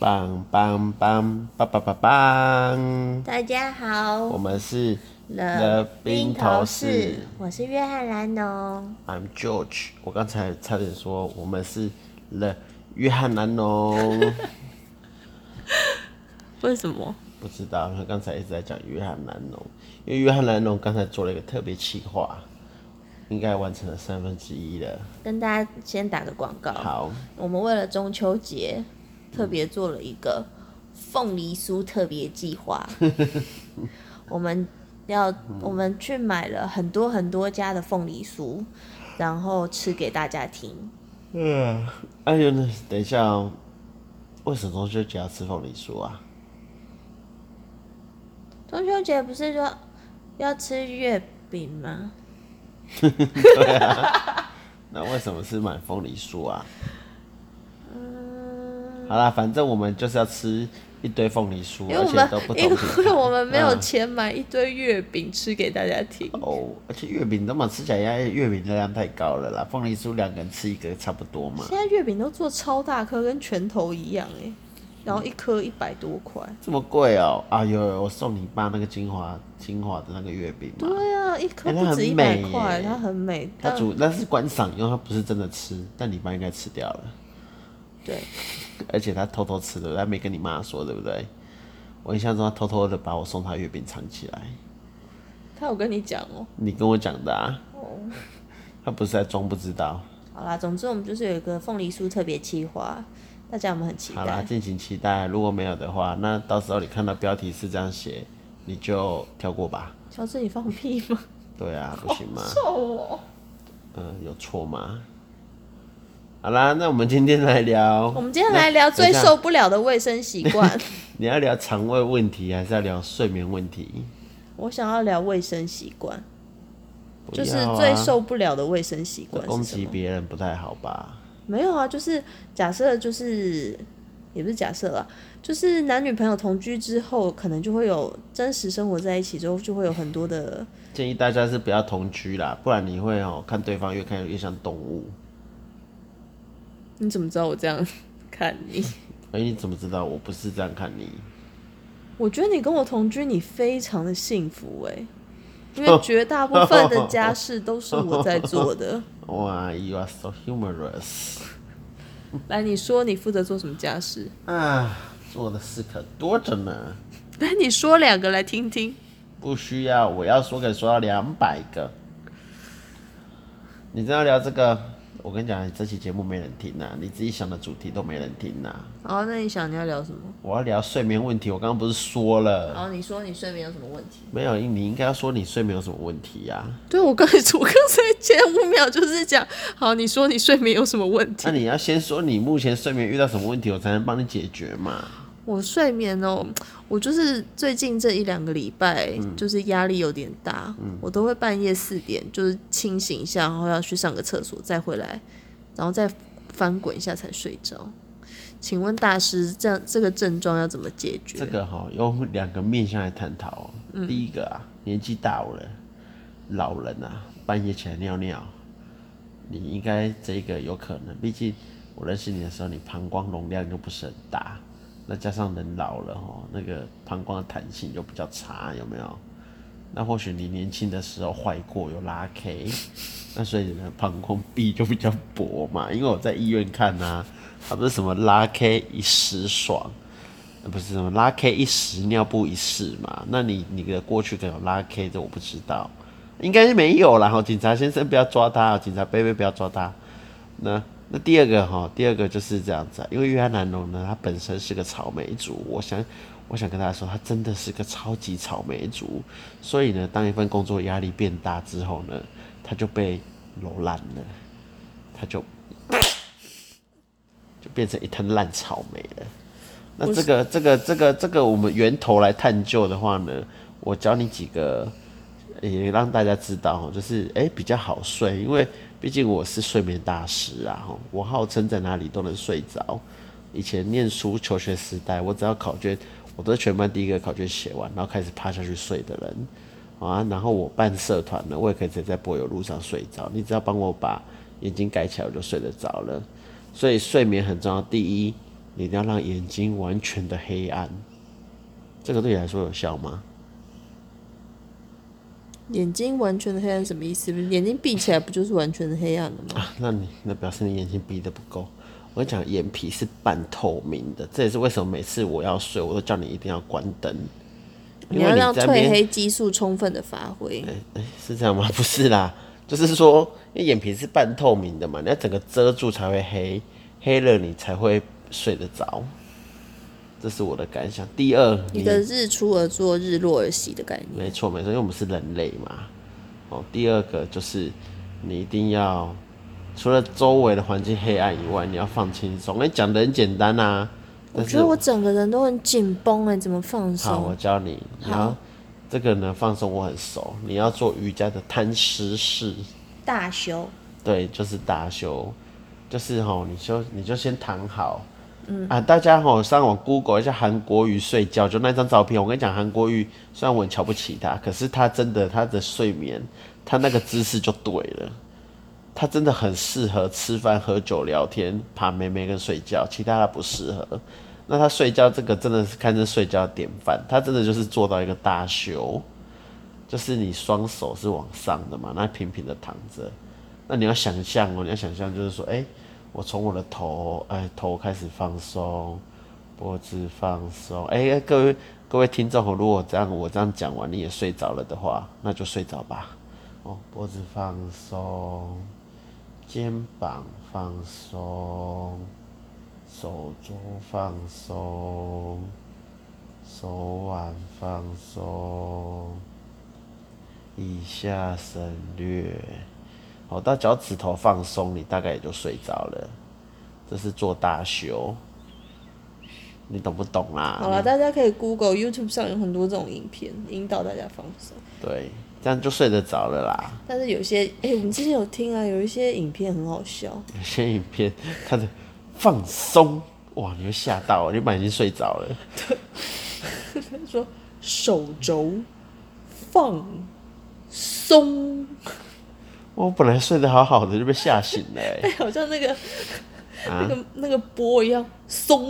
棒棒棒，把把把棒棒棒棒棒棒大家好，我們是樂 The 披頭士，我是約翰藍儂、哦、，I'm George。我剛才差點說我們是樂 約翰藍儂、哦， 為什麼？不知道，他剛才一直在講約翰藍儂、哦，因為約翰藍儂剛才做了一個特別企劃，應該完成了三分之一了。跟大家先打個廣告，好，我們為了中秋節。特別做了一個鳳梨酥特別計劃， 我們要我們去買了很多很多家的鳳梨酥，然後吃給大家聽。嗯、啊，哎呦，等一下喔，為什麼中秋節要吃鳳梨酥啊？中秋節不是說要吃月餅嗎？ 對啊，那為什麼是買鳳梨酥啊？好啦，反正我們就是要吃一堆鳳梨酥，而且都不懂。因為我們沒有錢買一堆月餅吃給大家聽。啊、哦，而且月餅那麼吃起來，現月餅熱量太高了啦，鳳梨酥兩個人吃一個差不多嘛。現在月餅都做超大顆，跟拳頭一樣哎，然後一顆一百多塊、嗯，這麼貴哦、喔！啊呦，我送你爸那個精華精華的那個月餅。對啊，一顆不止一百塊，它很美。它主那是觀賞，因為它不是真的吃。但你爸應該吃掉了。對，而且他偷偷吃的，他沒跟你媽說，對不對？我印象中他偷偷的把我送他月餅藏起來。他有跟你講哦、喔。你跟我講的啊。哦、喔。他不是在裝不知道。好啦，總之我們就是有一個鳳梨酥特別企劃，大家我們很期待。好啦，敬請期待。如果沒有的話，那到時候你看到標題是這樣寫，你就跳過吧。喬治，你放屁嗎？對啊，不行嗎？我、喔？嗯、呃，有錯嗎？好啦，那我們今天來聊。我們今天來聊最受不了的衛生習慣。你要聊腸胃問題，還是要聊睡眠問題？我想要聊衛生習慣，啊、就是最受不了的衛生習慣。攻擊別人不太好吧？沒有啊，就是假設，就是也不是假設啦，就是男女朋友同居之後，可能就會有真實生活在一起之後，就會有很多的建議。大家是不要同居啦，不然你會哦、喔、看對方越看越像動物。你怎麼知道我這樣看你？哎、欸，你怎麼知道我不是這樣看你？我覺得你跟我同居，你非常的幸福，哎、欸，因為絕大部分的家事都是我在做的。 哇，You are so humorous。 來，你說你負責做什麼家事？啊，做的事可多着呢。來，你說兩個來聽聽。不需要，我要說給說到兩百個。你正在聊這個。我跟你講，你這期節目沒人聽啊，你自己想的主題都沒人聽啊。哦，那你想你要聊什麼？我要聊睡眠問題。我剛剛不是說了。然後、哦、你說你睡眠有什麼問題？沒有，你應該要說你睡眠有什麼問題呀、啊？對，我剛才，我剛才前五秒就是講，好，你說你睡眠有什麼問題？那、啊、你要先說你目前睡眠遇到什麼問題，我才能幫你解決嘛。我睡眠哦、喔，我就是最近這一兩個禮拜，嗯、就是壓力有點大，嗯、我都會半夜四點就是清醒一下，然後要去上個廁所，再回來，然後再翻滾一下才睡着。請問大師，這樣這個症狀要怎麼解決？這個哈、喔，用兩個面向來探討、喔。嗯、第一個啊，年紀大了，老人吶、啊，半夜起來尿尿，你應該這個有可能，畢竟我認識你的時候，你膀胱容量又不是很大。那加上人老了吼，那個膀胱的彈性就比較差，有沒有？那或許你年輕的時候壞過有拉 K，那所以你的膀胱壁就比較薄嘛。因為我在醫院看吶、啊，他、啊、不是什麼拉 K 一時爽，不是什麼拉 K 一時尿布一世嘛。那你你的過去可有拉 K 的？我不知道，應該是沒有啦。好、哦，警察先生不要抓他，警察伯伯不要抓他，那。那第二個哈，第二個就是這樣子、啊，因為越南龍呢，它本身是個草莓族，我想，我想跟大家說，它真的是個超級草莓族，所以呢，當一份工作壓力變大之後呢，它就被揉爛了，它就，就變成一灘爛草莓了。那這個這個這個這個，這個這個、我們源頭來探究的話呢，我教你幾個，也讓大家知道，就是哎、欸、比較好睡，因為。畢竟我是睡眠大師啊，我號稱在哪裡都能睡着。以前念書求學時代，我只要考卷，我都是全班第一個考卷寫完，然後開始趴下去睡的人啊。然後我辦社團呢，我也可以直接在柏油路上睡着。你只要幫我把眼睛蓋起來，我就睡得着了。所以睡眠很重要。第一，你一定要讓眼睛完全的黑暗，這個對你來說有效嗎？眼睛完全的黑暗什麼意思？眼睛閉起來不就是完全的黑暗了嗎？啊、那你那表示你眼睛閉得不夠。我跟你講，眼皮是半透明的，這也是為什麼每次我要睡，我都叫你一定要關燈，你，你要讓褪黑激素充分的發揮。哎、欸欸，是這樣嗎？不是啦，就是說，因為眼皮是半透明的嘛，你要整個遮住才會黑，黑了你才會睡得着。這是我的感想。第二，你，你的日出而作，日落而息的感覺。沒錯，沒錯，因為我們是人類嘛。哦，第二個就是，你一定要，除了周圍的環境黑暗以外，你要放輕鬆。哎、欸，講得很簡單吶、啊。我覺得我整個人都很緊繃，哎，怎麼放鬆？好，我教你。你好，這個呢，放鬆我很熟。你要做瑜伽的攤屍式。大修。對，就是大修，就是吼、哦，你就你就先躺好。啊！大家哈、喔，上網 Google 一下韓國瑜睡覺，就那張照片。我跟你講，韓國瑜雖然我很瞧不起他，可是他真的，他的睡眠，他那個姿勢就對了。他真的很適合吃飯、喝酒、聊天、爬妹妹跟睡覺，其他他不適合。那他睡覺這個，真的是堪稱睡覺的典範。他真的就是做到一個大休，就是你雙手是往上的嘛，那平平的躺着。那你要想象哦、喔，你要想象就是說，哎、欸。我從我的頭，哎、欸，頭開始放鬆，脖子放鬆、欸。各位各位聽眾，如果這樣我這樣講完你也睡着了的話，那就睡着吧。哦、喔，脖子放鬆，肩膀放鬆，手肘放鬆，手腕放鬆。以下省略。好、哦，到腳趾頭放鬆，你大概也就睡着了。這是做大修，你懂不懂啊？好了啦，你大家可以 Google、YouTube 上有很多這種影片，引導大家放鬆。對，這樣就睡得着了啦。但是有些，哎、欸，我們之前有聽啊，有一些影片很好笑。有些影片看着放鬆，哇，你會嚇到、喔， 你本來已經睡着了。對， 他說手肘放鬆。我本來睡得好好的，就被嚇醒了、欸。哎、欸，好像那個、啊、那個那個波一樣，松。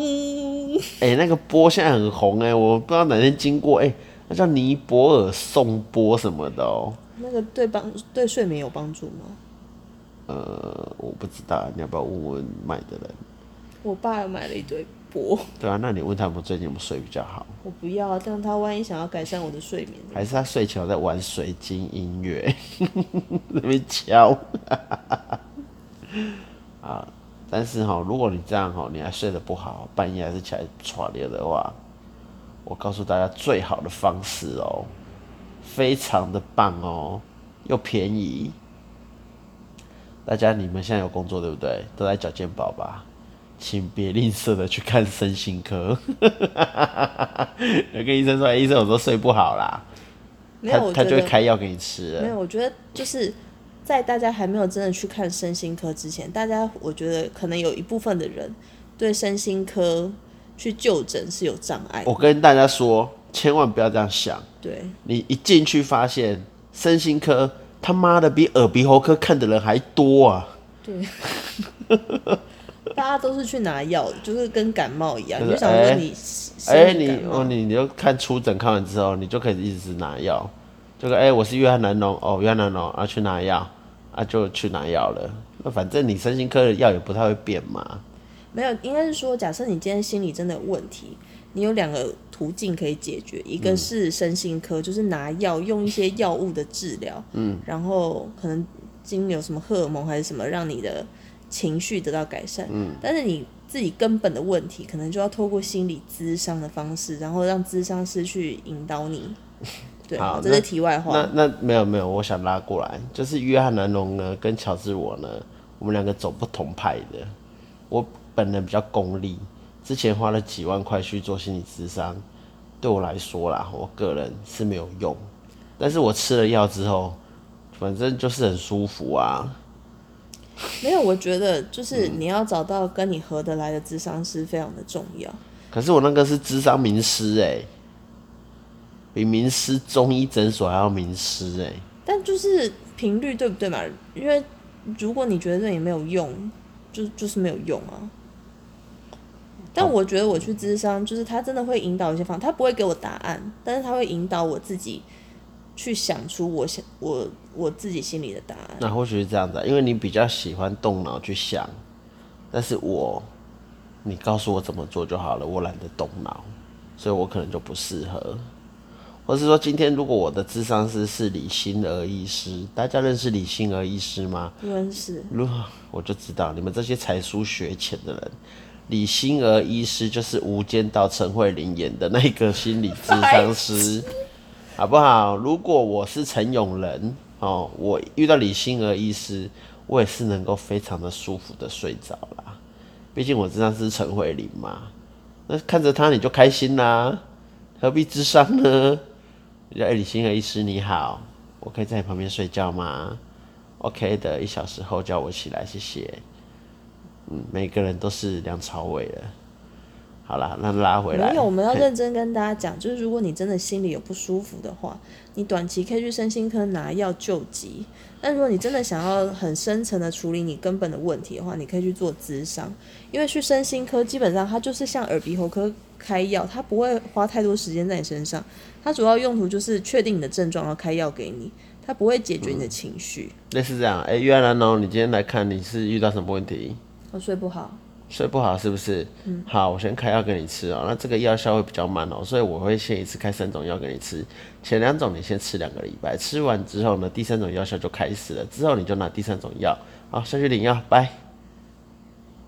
哎、欸，那個波現在很紅哎、欸，我不知道哪天經過哎、欸，那叫尼泊爾頌波什麼的哦、喔。那個對幫對睡眠有幫助嗎？呃，我不知道，你要不要問問買的人？我爸有買了一堆。我 對啊，那你問他們最近有沒有睡比較好？我不要，但他萬一想要改善我的睡眠，還是他睡前在玩水晶音樂， 那邊敲 啊。但是哈，如果你這樣哈，你還睡得不好，半夜還是起來剉尿的話，我告訴大家最好的方式喔，非常的棒喔，又便宜。大家你們現在有工作對不對？都在找健保吧。請別吝嗇的去看身心科。我跟醫生說，醫生，我說睡不好啦，沒有，他他就會開藥給你吃了。沒有，我覺得就是在大家還沒有真的去看身心科之前，大家我覺得可能有一部分的人對身心科去就診是有障礙。我跟大家說，千萬不要這樣想。對。你一進去發現，身心科他媽的比耳鼻喉科看的人還多啊！對。 大家都是去拿藥，就是跟感冒一樣，就是欸、你就想問你、欸、你，哎，你哦，你你就看初診，看完之後，你就可以一直拿藥。這個，哎、欸，我是約翰南龍，哦，約翰南龍，啊，去拿藥，啊，就去拿藥了。那反正你身心科的藥也不太會變嘛。沒有，應該是說，假設你今天心理真的有問題，你有兩個途徑可以解決，嗯、一個是身心科，就是拿藥，用一些藥物的治療，嗯，然後可能經有什麼荷爾蒙還是什麼，讓你的。情緒得到改善，嗯，但是你自己根本的問題，可能就要透過心理諮商的方式，然後讓諮商師去引導你。對，這是題外話。那那沒有沒有，我想拉過來，就是約翰南龍呢，跟喬治我呢，我們兩個走不同派的。我本人比較功利，之前花了幾萬塊去做心理諮商，對我來說啦，我個人是沒有用。但是我吃了藥之後，反正就是很舒服啊。沒有，我覺得就是你要找到跟你合得來的諮商是非常的重要。嗯、可是我那個是諮商名師誒、欸，比名師中醫診所還要名師誒、欸。但就是頻率對不對嘛？因為如果你覺得這也沒有用，就就是沒有用啊。但我覺得我去諮商，就是他真的會引導一些方，他不會給我答案，但是他會引導我自己，去想出我想我我自己心裡的答案。那或許是這樣子啊，因為你比較喜歡動腦去想，但是我，你告訴我怎麼做就好了，我懶得動腦，所以我可能就不適合。或是說，今天如果我的諮商師是李心兒醫師，大家認識李心兒醫師嗎？認識。如果我就知道你們這些才疏學淺的人，李心兒醫師就是《無間道》陳慧琳演的那個心理諮商師。 好不好？如果我是陳永仁哦，我遇到李心兒醫師，我也是能夠非常的舒服的睡着啦。畢竟我知道是陳慧琳嘛，那看着他你就開心啦，何必諮商呢？哎，李心兒醫師你好，我可以在你旁邊睡覺嗎？OK 的，一小時後叫我起來，謝謝。嗯，每個人都是梁朝偉了。好了，那拉回來。沒有，我們要認真跟大家講，就是如果你真的心裡有不舒服的話，你短期可以去身心科拿藥救急。但如果你真的想要很深層的處理你根本的問題的話，你可以去做諮商。因為去身心科基本上它就是像耳鼻喉科開藥，它不會花太多時間在你身上，它主要用途就是確定你的症狀然後開藥給你，它不會解決你的情緒、嗯。那是這樣，誒、欸，玉安蘭哦，你今天來看你是遇到什麼問題？我睡不好。睡不好是不是？好，我先開藥給你吃喔。那這個藥效會比較慢喔，所以我會先一次開三種藥給你吃。前兩種你先吃兩個禮拜，吃完之後呢，第三種藥效就開始了。之後你就拿第三種藥，好，下去領藥，拜。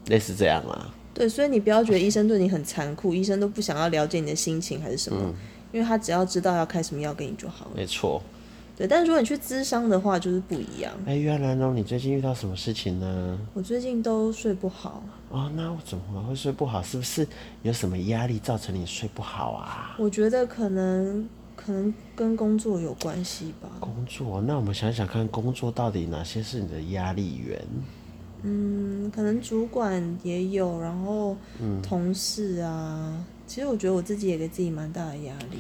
類似這樣啦。對，所以你不要覺得醫生對你很殘酷，唉，醫生都不想要了解你的心情還是什麼，嗯，因為他只要知道要開什麼藥給你就好了。沒錯。對，但是如果你去諮商的話，就是不一樣。哎、欸，原來呢，你最近遇到什麼事情呢？我最近都睡不好。啊、哦，那我怎麼會睡不好？是不是有什麼壓力造成你睡不好啊？我覺得可能可能跟工作有關係吧。工作？那我們想想看，工作到底哪些是你的壓力源？嗯，可能主管也有，然後同事啊。嗯、其實我覺得我自己也給自己蠻大的壓力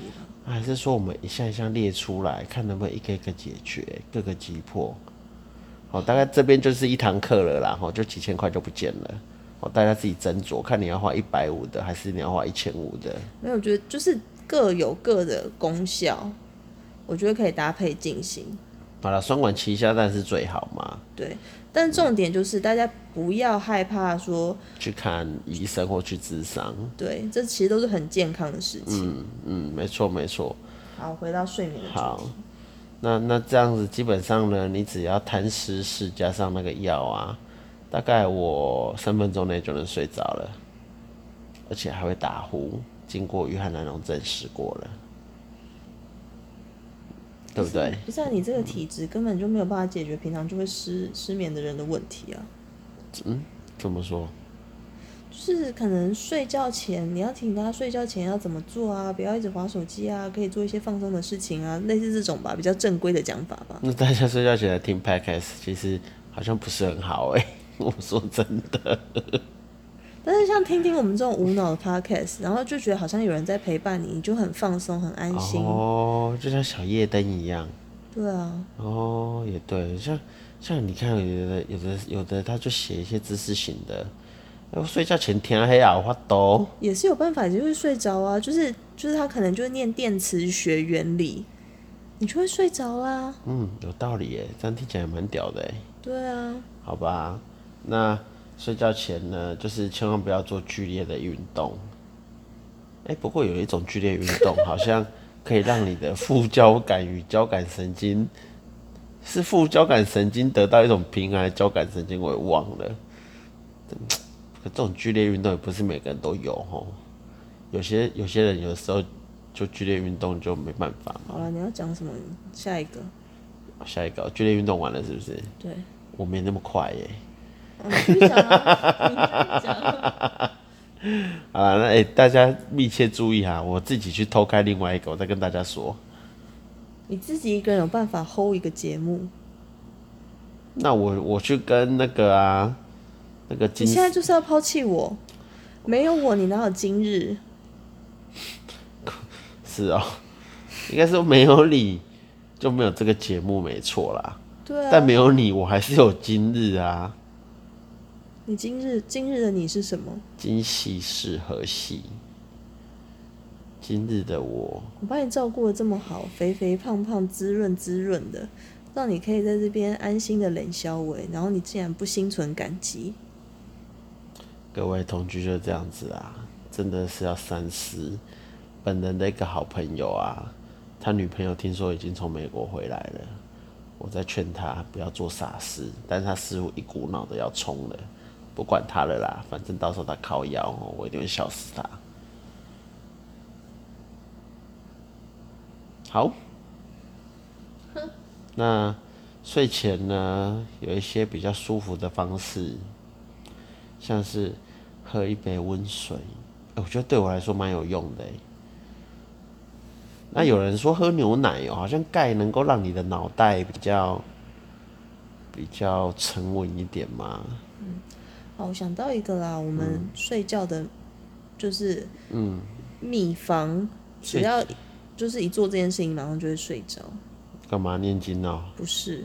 還是說我們一項一項列出來，看能不能一個一個解決，各個擊破。好，大概這邊就是一堂課了啦，吼，就幾千塊就不見了。好，大家自己斟酌，看你要花一百五的，還是你要花一千五的。沒有，我覺得就是各有各的功效，我覺得可以搭配進行。好了，雙管齊下，但是最好嘛。對。但重點就是大家不要害怕說去看醫生或去諮商，對，這其實都是很健康的事情。嗯嗯，沒錯沒錯。好，回到睡眠的。好，那那這樣子基本上呢，你只要談時事加上那個藥啊，大概我三分鐘內就能睡着了，而且還會打呼，經過約翰南龍證實過了。對不對？不像、啊、你這個體質，根本就沒有辦法解決平常就會失、嗯、失眠的人的問題啊。嗯，怎麼說？就是可能睡覺前你要請他、啊、睡覺前要怎麼做啊？不要一直滑手機啊，可以做一些放鬆的事情啊，類似這種吧，比較正規的講法吧。那大家睡覺前來聽 Podcast 其實好像不是很好哎、欸，我說真的。 但是像聽聽我們這種無腦的 podcast，然後就覺得好像有人在陪伴你，你就很放鬆、很安心哦，就像小夜燈一樣。對啊。哦，也對，像像你看有的有的有的，有的有的他就寫一些知識型的，我、呃、睡覺前天黑啊，我發抖，也是有辦法，就會睡着啊，就是就是他可能就是念電磁學原理，你就會睡着啦。嗯，有道理耶。這樣聽起來蠻屌的耶。對啊。好吧，那。睡覺前呢，就是千萬不要做劇烈的運動，欸。不過有一種劇烈運動 好像可以讓你的副交感與交感神經是副交感神經得到一種平衡，交感神經我也忘了。可這種劇烈運動也不是每個人都有吼，有些有些人有時候就劇烈運動就沒辦法。好了，你要講什麼？下一個？下一個劇烈運動完了是不是？對，我沒那麼快耶，欸。啊， 那哎、欸，大家密切注意哈、啊，我自己去偷開另外一個，我再跟大家說。你自己一個人有辦法 hold 一個節目？那我我去跟那個啊，那個你現在就是要拋棄我，沒有我你哪有今日？ 是哦、喔，應該說沒有你就沒有這個節目，沒錯啦。對啊、但沒有你，我還是有今日啊。你今日今日的你是什麼？今夕是何夕？今日的我，我把你照顧得這麼好，肥肥胖胖，滋潤滋潤的，讓你可以在這邊安心的冷消委。然後你竟然不心存感激？各位同居就這樣子啊，真的是要三思。本人的一個好朋友啊，他女朋友聽說已經從美國回來了，我在勸他不要做傻事，但是他似乎一股腦的要衝了。不管他了啦，反正到時候他靠腰，我一定會笑死他。好，那睡前呢，有一些比較舒服的方式，像是喝一杯溫水，我覺得對我來說蠻有用的，欸。那有人說喝牛奶，好像鈣能夠讓你的腦袋比較比較沉穩一點嘛。我想到一個啦，我們睡覺的，就是嗯，秘方只要就是一做這件事情，馬上就會睡着。幹嘛念經呢、喔？不是，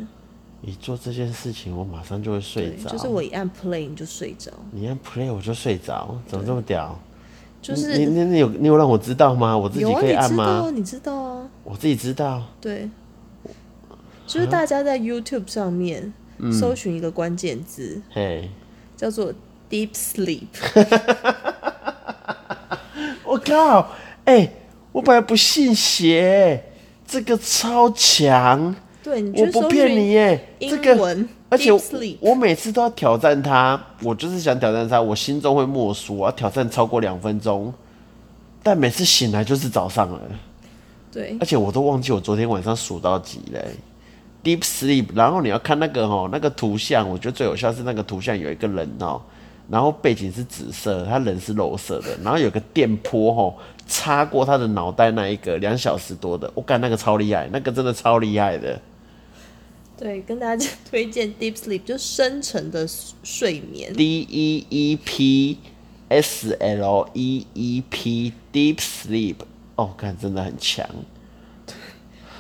一做這件事情，我馬上就會睡着。就是我一按 play，你就睡着。你按 play，我就睡着。對怎麼這麼屌？就是你、你、你有、你有讓我知道嗎？我自己可以按嗎？啊、你，知你知道啊，我自己知道。對，就是大家在 YouTube 上面搜尋一個關鍵字。嘿、嗯。Hey 叫做 deep sleep，我靠！哎、 oh 欸，我本來不信邪、欸，這個超強，對，是是我不騙你耶、欸，這個，而且我，我每次都要挑戰它，我就是想挑戰它，我心中會默數，我要挑戰超過兩分鐘，但每次醒來就是早上了，對，而且我都忘記我昨天晚上數到幾嘞、欸。Deep sleep，然後你要看那個哦，那個圖像，我覺得最有效是那個圖像有一個人哦，然後背景是紫色，他人是肉色的，然後有個電波哦，擦過他的腦袋那一個兩小時多的，我、哦、感那個超厲害，那個真的超厲害的。對，跟大家推薦 Deep sleep，就深層的睡眠，D E E P S L E E P，Deep sleep，哦，看真的很強。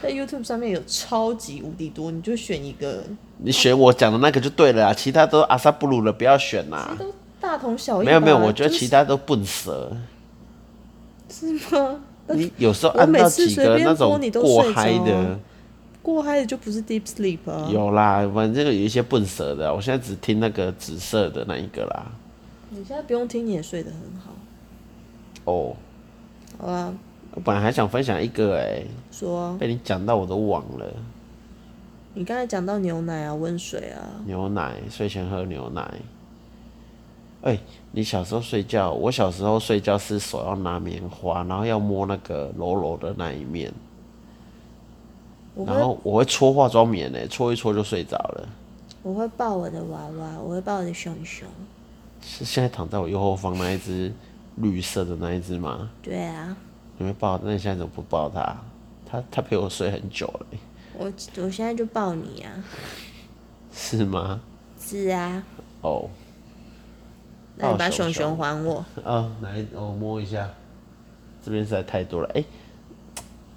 在 YouTube 上面有超級無敵多，你就選一個。你選我講的那個就對了啦，其他都阿薩布魯的不要選啦。沒有沒有，我覺得其他都笨蛇。就是、是嗎？你有時候按到幾個那種過嗨的，都喔、過嗨的就不是 Deep Sleep、啊、有啦，反、那、正、個、有一些笨蛇的，我現在只聽那個紫色的那一個啦。你現在不用聽，你也睡得很好。哦、oh.。好啊。我本來還想分享一個哎、欸，說被你講到我都忘了。你剛才講到牛奶啊，溫水啊，牛奶睡前喝牛奶。哎、欸，你小時候睡覺，我小時候睡覺是手要拿棉花，然後要摸那個柔柔的那一面。會然後我會搓化妝棉呢、欸，搓一搓就睡着了。我會抱我的娃娃，我會抱我的熊熊。是現在躺在我右後方那一隻 綠色的那一隻嗎？對啊。你會抱？那你現在怎麼不抱他、啊？他他陪我睡很久了。我我現在就抱你啊。是嗎？是啊。哦。那你把熊熊還我。啊，來，我摸一下。這邊實在太多了。哎、欸，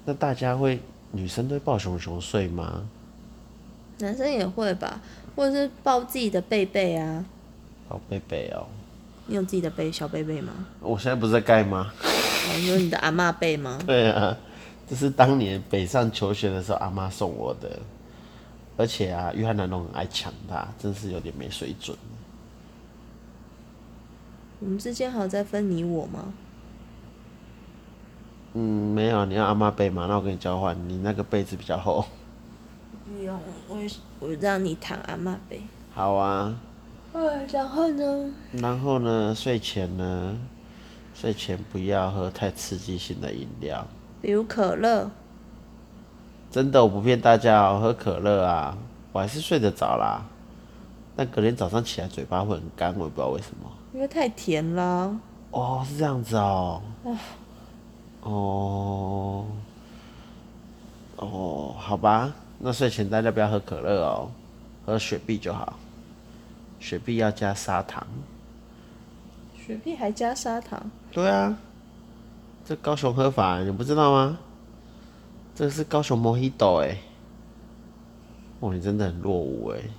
那大家會女生都會抱熊熊睡嗎？男生也會吧，或者是抱自己的貝貝啊。抱貝貝哦。你有自己的貝小貝貝嗎？我、oh, 現在不是在蓋嗎？ 有你的阿嬤被嗎？ 對啊，這是當年北上求學的時候，阿嬤送我的，而且啊，約翰南隆很愛搶她，真是有點沒水準。我們之間好在分你我嗎？嗯，沒有。你要阿嬤被嗎？那我跟你交換，你那個被子比較厚。不用，我我讓你躺阿嬤被。好啊。嗯，然後呢？然後呢？睡前呢？睡前不要喝太刺激性的飲料，比如可樂。真的，我不騙大家哦，喝可樂啊，我還是睡得着啦。但隔天早上起來嘴巴會很乾，我也不知道為什麼。因為太甜了。哦，oh, 是這樣子哦。哦唉，哦、oh，oh, 好吧，那睡前大家不要喝可樂哦，喝雪碧就好。雪碧要加砂糖。雪碧還加砂糖？對啊，這高雄喝法你不知道嗎？這是高雄摩希朵哎，哇，你真的很落伍哎、欸！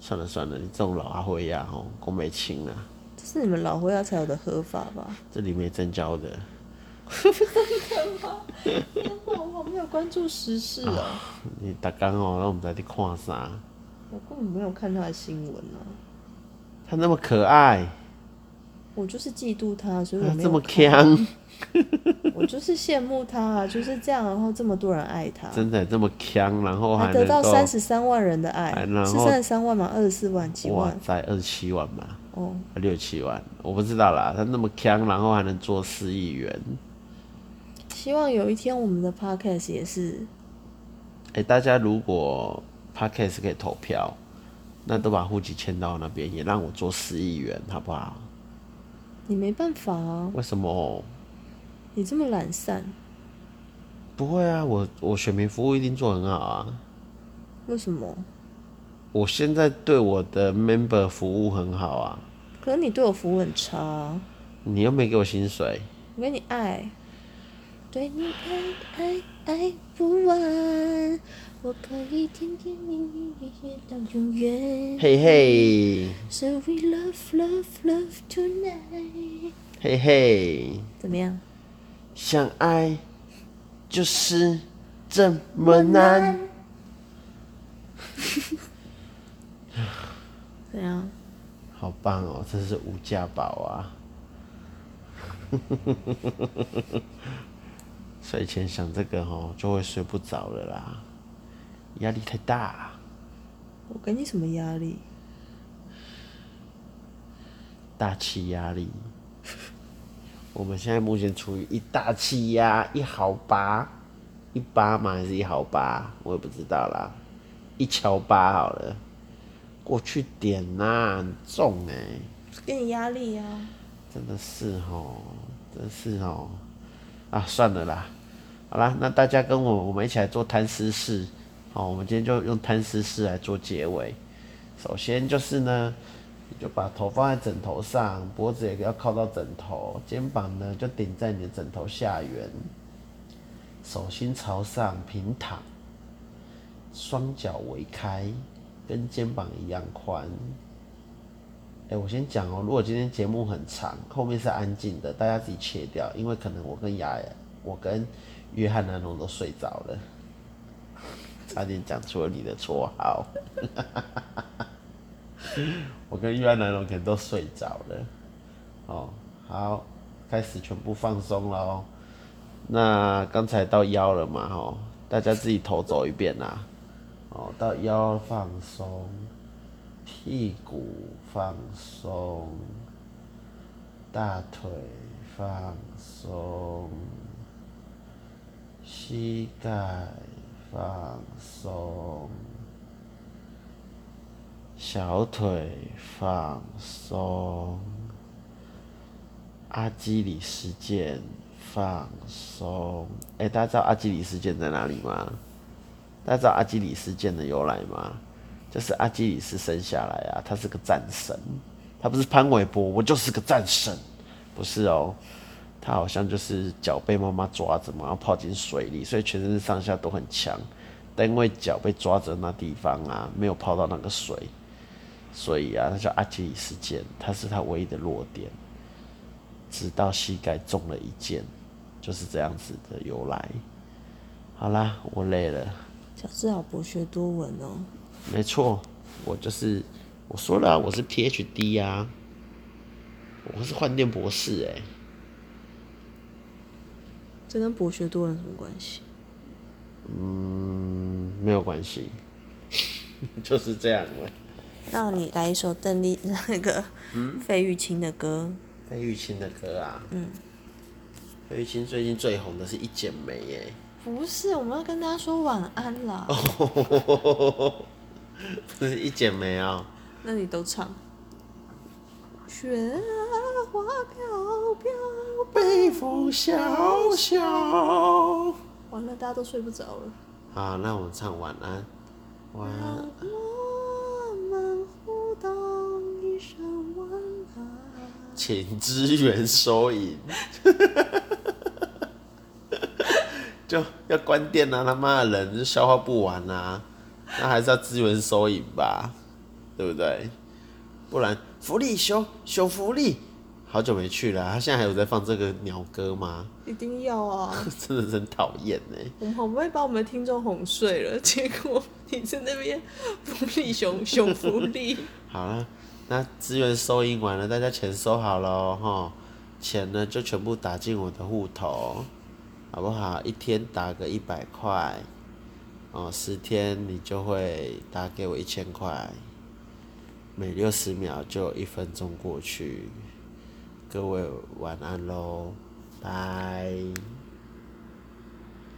算了算了，你這種老阿灰呀、啊，哦、啊，講沒清了，這是你們老灰呀、啊、才有的喝法吧？這裡沒真交的，哈哈，我好沒有關注時事啊。你打剛哦，讓我們來去看啥？我根本沒有看他的新聞啊，他那麼可愛。我就是嫉妒他，所以我沒有、啊、這麼強。 我就是羨慕他、啊，就是這樣，然後這麼多人愛他，真的這麼強，然後還,能還得到三十三萬人的愛，是三十三萬嗎？二十四萬，幾萬？在二十七萬嘛，哦、oh. 啊，六七萬，我不知道啦。他那麼強，然後還能做4億元。希望有一天我們的 Podcast 也是。哎、欸，大家如果 Podcast 可以投票，那都把戶籍遷到那邊，也讓我做4億元，好不好？你沒辦法啊！為什麼？你這麼懶散。不會啊，我我選民服務一定做很好啊。為什麼？我現在對我的 member 服務很好啊。可是你對我服務很差啊。你又沒給我薪水。我給你愛，對你愛愛愛不完。嘿嘿。嘿嘿。怎麼樣？相、so hey, hey 愛就是這麼難。怎樣晚安？ 啊、好棒哦！這是無價寶啊！呵呵睡前想這個、哦、就會睡不着了啦。壓力太大，我給你什麼壓力？大氣壓力。我們現在目前處於一大氣壓一毫巴，一巴嘛，還是—一毫巴，我也不知道啦，一喬巴好了。過去點吶、啊，很重哎，給你壓力啊！真的是哦，真的是哦，啊，算了啦，好啦，那大家跟我，我們一起來做攤屍式。好，我們今天就用攤屍式來做結尾。首先就是呢，就把頭放在枕頭上，脖子也要靠到枕頭，肩膀呢就頂在你的枕頭下緣，手心朝上平躺，雙腳微開，跟肩膀一樣寬，欸。我先講哦、喔，如果今天節目很長，後面是安靜的，大家自己切掉，因為可能我跟雅雅、我跟約翰、南龍都睡着了。差點講出了你的綽號， 我跟玉安南龍可能都睡着了，哦，好，好，開始全部放鬆嘍。那剛才到腰了嘛吼，大家自己頭走一遍啦。哦，到腰放鬆，屁股放鬆，大腿放鬆，膝蓋。放鬆，小腿放鬆，阿基里斯腱放鬆。哎、欸，大家知道阿基里斯腱在哪裡嗎？大家知道阿基里斯腱的由來嗎？這、就是阿基里斯生下來啊，他是個戰神，他不是潘瑋柏，我就是個戰神，不是哦。他好像就是腳被媽媽抓着，然後泡進水裡，所以全身上下都很強。但因為腳被抓着那地方啊，沒有泡到那個水，所以啊，他叫阿基里斯腱。他是他唯一的弱點。直到膝蓋中了一箭。就是這樣子的由來。好啦，我累了。喬治好博學多聞哦。沒錯，我就是我說了，啊，我是 PhD 啊。我是換電博士哎、欸。這跟博學多有什麼關係？嗯，沒有關係， 就是這樣。那你來一首鄧麗那個，嗯，費玉清的歌。費玉清的歌啊，嗯，費玉清最近最紅的是一剪梅耶。不是，我們要跟大家說晚安啦。這是一剪梅啊、喔？那你都唱。雪花飄飄。北風蕭蕭，小小小完了，大家都睡不着了。好，那我們唱晚安，晚安。請支援收銀， 就要關店啊。他媽的人，冷就消化不完啊。那還是要支援收銀吧，對不對？不然福利修修福利。好久沒去啦，他現在還有在放這個鳥歌嗎？一定要啊！ 真的真討厭欸。我們好不容易把我們的聽眾哄睡了，結果你在那邊福利熊熊福利。 好了，那資源收音完了，大家錢收好嘍哈。錢呢就全部打進我的戶頭，好不好？一天打個一百塊哦，十天你就會打給我一千塊。每六十秒就有一分鐘過去。各位晚安嘍，拜。